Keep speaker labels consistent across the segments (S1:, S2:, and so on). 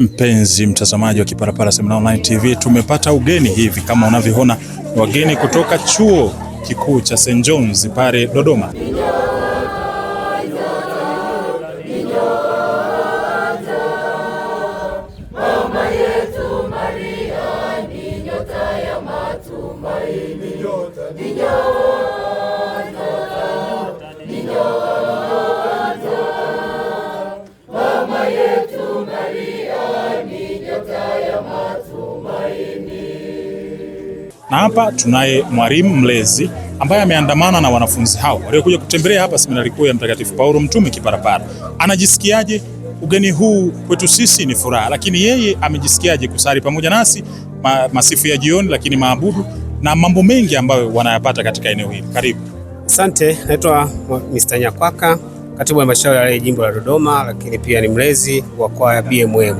S1: Mpenzi mtazamaji wa Kiparapara Seminar Online TV, tumepata ugeni hivi kama unavyoona, wageni kutoka chuo kikuu cha St John's pale Dodoma. na hapa tunaye mwalimu mlezi ambaye ameandamana na wanafunzi hao waliokuja kutembelea hapa seminari kuu ya Mtakatifu Paulo Mtume Kiparapara. Anajisikiaje? Ugeni huu kwetu sisi ni furaha, lakini yeye amejisikiaje kusali pamoja nasi ma, masifu ya jioni, lakini maabudu na mambo mengi ambayo wanayapata katika eneo hili. Karibu.
S2: Asante, naitwa Mr. Nyakwaka, katibu wa mashauri ya jimbo la Dodoma, lakini pia ni mlezi wa kwaya BMM.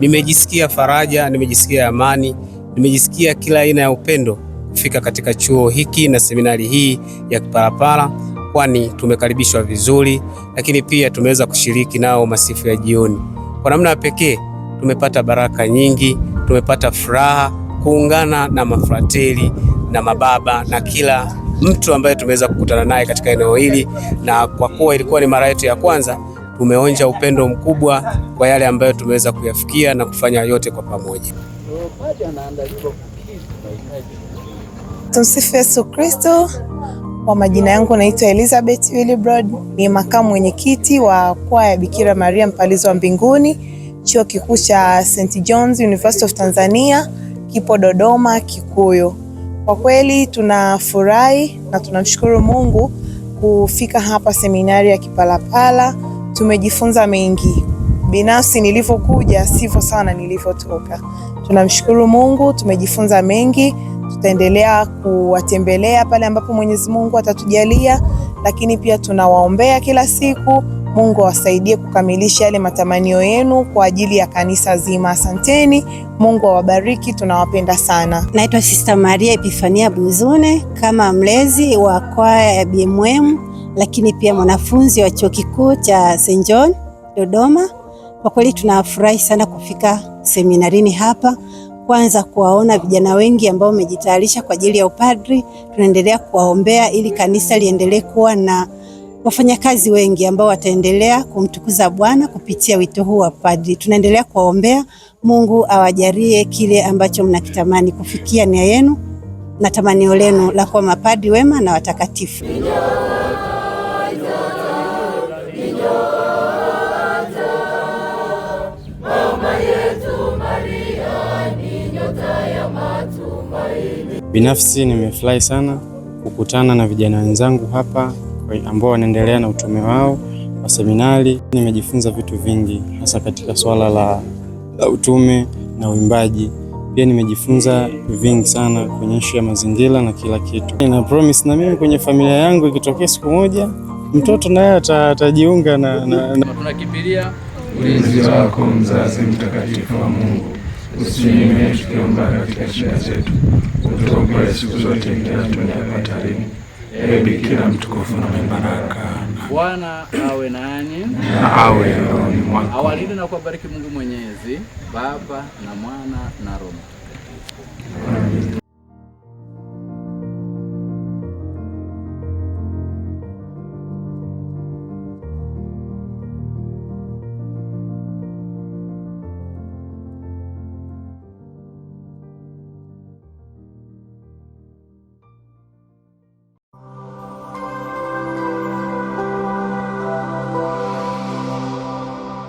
S2: Nimejisikia faraja, nimejisikia amani Nimejisikia kila aina ya upendo kufika katika chuo hiki na seminari hii ya Kipalapala, kwani tumekaribishwa vizuri, lakini pia tumeweza kushiriki nao masifu ya jioni. Kwa namna ya pekee tumepata baraka nyingi, tumepata furaha kuungana na mafrateli na mababa na kila mtu ambaye tumeweza kukutana naye katika eneo hili, na kwa kuwa ilikuwa ni mara yetu ya kwanza, tumeonja upendo mkubwa kwa yale ambayo tumeweza kuyafikia na kufanya yote kwa pamoja.
S3: Tumsifu Yesu Kristo. Kwa majina yangu naitwa Elizabeth Willibrod, ni makamu mwenyekiti wa kwaya ya Bikira Maria Mpalizo wa Mbinguni, chuo kikuu cha St John's University of Tanzania, kipo Dodoma Kikuyu. Kwa kweli tunafurahi na tunamshukuru Mungu kufika hapa seminari ya Kipalapala. Tumejifunza mengi. Binafsi nilivyokuja sivyo sana nilivyotoka. Tunamshukuru Mungu, tumejifunza mengi. Tutaendelea kuwatembelea pale ambapo Mwenyezi Mungu atatujalia, lakini pia tunawaombea kila siku. Mungu awasaidie kukamilisha yale matamanio yenu kwa ajili ya kanisa zima. Asanteni, Mungu awabariki, tunawapenda sana.
S4: Naitwa Sista Maria Epifania Buzune, kama mlezi wa kwaya ya BMM, lakini pia mwanafunzi wa chuo kikuu cha St John Dodoma. Kwa kweli tunafurahi sana kufika seminarini hapa, kwanza kuwaona vijana wengi ambao wamejitayarisha kwa ajili ya upadri. Tunaendelea kuwaombea ili kanisa liendelee kuwa na wafanyakazi wengi ambao wataendelea kumtukuza Bwana kupitia wito huu wa padri. Tunaendelea kuwaombea, Mungu awajalie kile ambacho mnakitamani kufikia nia yenu na tamanio lenu la kuwa mapadri wema na watakatifu.
S5: Binafsi nimefurahi sana kukutana na vijana wenzangu hapa ambao wanaendelea na utume wao wa seminari. Nimejifunza vitu vingi, hasa katika swala la, la utume na uimbaji. Pia nimejifunza vingi sana kwenye ishu ya mazingira na kila kitu. Na promise na mimi kwenye familia yangu ikitokea siku moja mtoto naye atajiunga na, na, na.
S6: Tunakimbilia
S7: ulinzi wako mzazi mtakatifu wa Mungu usinyimie tukiomba katika shida zetu, utuokoe siku zote ila tuendea hatarini. Ee Bikira mtukufu na baraka,
S8: Bwana awe nanyi
S9: na awe rohoni
S8: mwako. Awalinde na kuwabariki Mungu Mwenyezi, Baba na Mwana na Roho